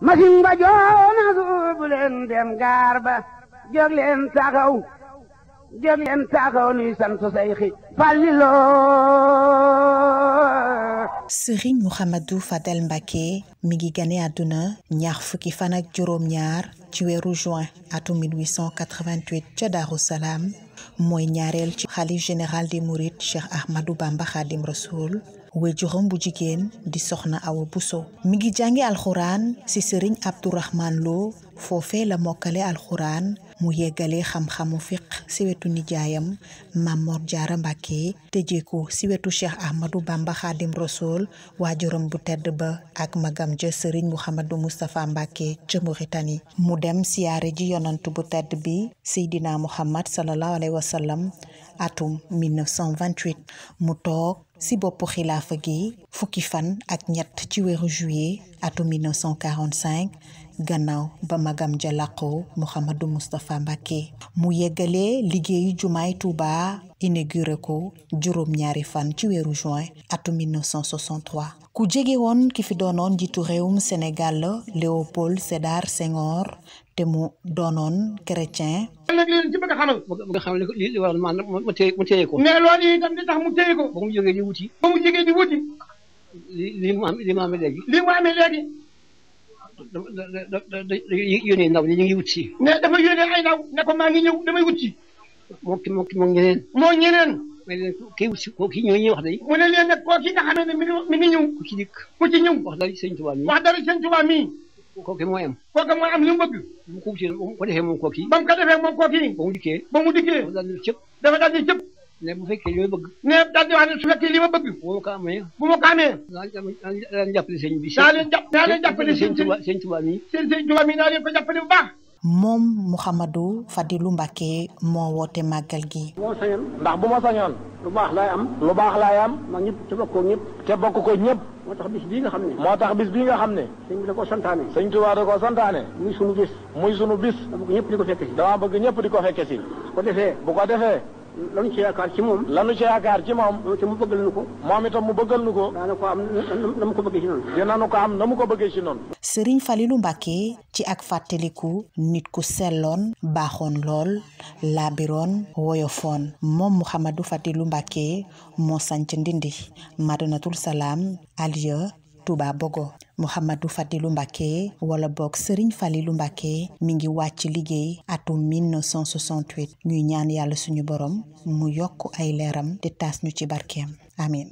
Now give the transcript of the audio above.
masin ba joona suubu leen dem gaar ba taxaw jóg leen taxaw nuy sant Seyxi Fàllilu Fadel Mbacké mi ngi gane àdduna ñaar fukki fanak ak juróom-ñaar ci weeru juin atum 1888 ca Daaru mooy ñaareel ci xalif général des Mourides Cheikh Ahmadou Bamba Khadim Rasoul waajuram bu jigéen di soxna aw Bousso mi ngi jànge alxuraan ci sëriñ Abdourahman Lo foofee la mokkale alxuraan mu yeggale xam-xamu fiq ci wetu nijaayam Mamor Jaara Mbàkke tëjee ko ci wetu Cheikh Ahmadou Bamba Xaadim Rasuul waajuram bu tedd ba ak magam ja sëriñ Mouhamadou Moustapha Mbàkke ca Mauritanie mu dem siyaare ji yonant bu tedd bi Seydina Muhammad sallallahu alayhi wa atum 1928 mu toog ci boppu xilaafa gi fukki fan ak ñett ci weeru juillet atum 1945 gannaaw ba magam ja làqu Mouhamadou Moustapha mu yeggalee liggéeyu jumaay Touba inauguré ko juróom-ñaari fan ci weeru juin atum 1963 ku jege woon ki fi doonoon njiitu réewum Sénégal la Léopold Sédar Senghor te mu doonoon chrétien. léeg leen ci bëgg a xamal. bëgg a xamal li li waral maanaam ma téye ma téye ko. mais loolu itam tax mu téye ko. ba mu jógee di wuti. ba mu jógee di wuti. li li mu am li mu amee léegi. li mu amee léegi. da da da da yónnee ndaw ñi ñu ngi wut si. mais dafa yónnee ay ndaw ne ko maa ngi ñëw damay wut si. moo ki moo ki moo ñeneen moo ñeneen ma ne leen kii wut mu ne leen nag koo kii nga mi ngi mi ku ci dikk ku ci ñëw wax dara sëñ Tuubaa mi wax dara kooki ba mu ko defee moom kooki ba mu dikkee ba mu dikkee dafa daal ne bu fekkee li ma bëgg ne daal di su fekkee li ma bëgg bu ma ko amee bu ma ko amee naa leen ko jàppale bu moom Mouhamadou Fadilou Mbacké moo woote màggal gi. moo sañoon ndax bu ma sañoon lu baax laay am. lu baax laay am. ma ñëpp te bokk ko ñëpp. te bokk ko ñëpp. moo tax bis bii nga xam ne. moo tax bis bii nga xam ne. sëñ bi da koo santaane. sëñ Tuubaa da koo santaane. muy sunu bis. muy sunu bis. dama bëgg ñëpp di ko fekk si. dama bëgg ñëpp di ko fekk si. ko defee. bu ko defee. lanu ci yaakaar ci moom lanu ci yaakaar ci moom te mu bëggal nu ko moom itam mu bëggal nu ko na mu ko bëggee ci noonu dinañu ko am ci ak fàttaliku nit ku selloon baaxoon lool laabiroon woyofoon moom Mouhamadou Fadilou Mbacké moo sanc Ndindi Madinatul Salaam Alieu Touba Bogo Mouhamadou Fadilou Mbacké wala boog Serigne Falilou Mbacké mi ngi wàcc liggéey atum 1968 ñuy ñaan yàlla suñu borom mu yokk ay leeram te taas ñu ci barkeem amiin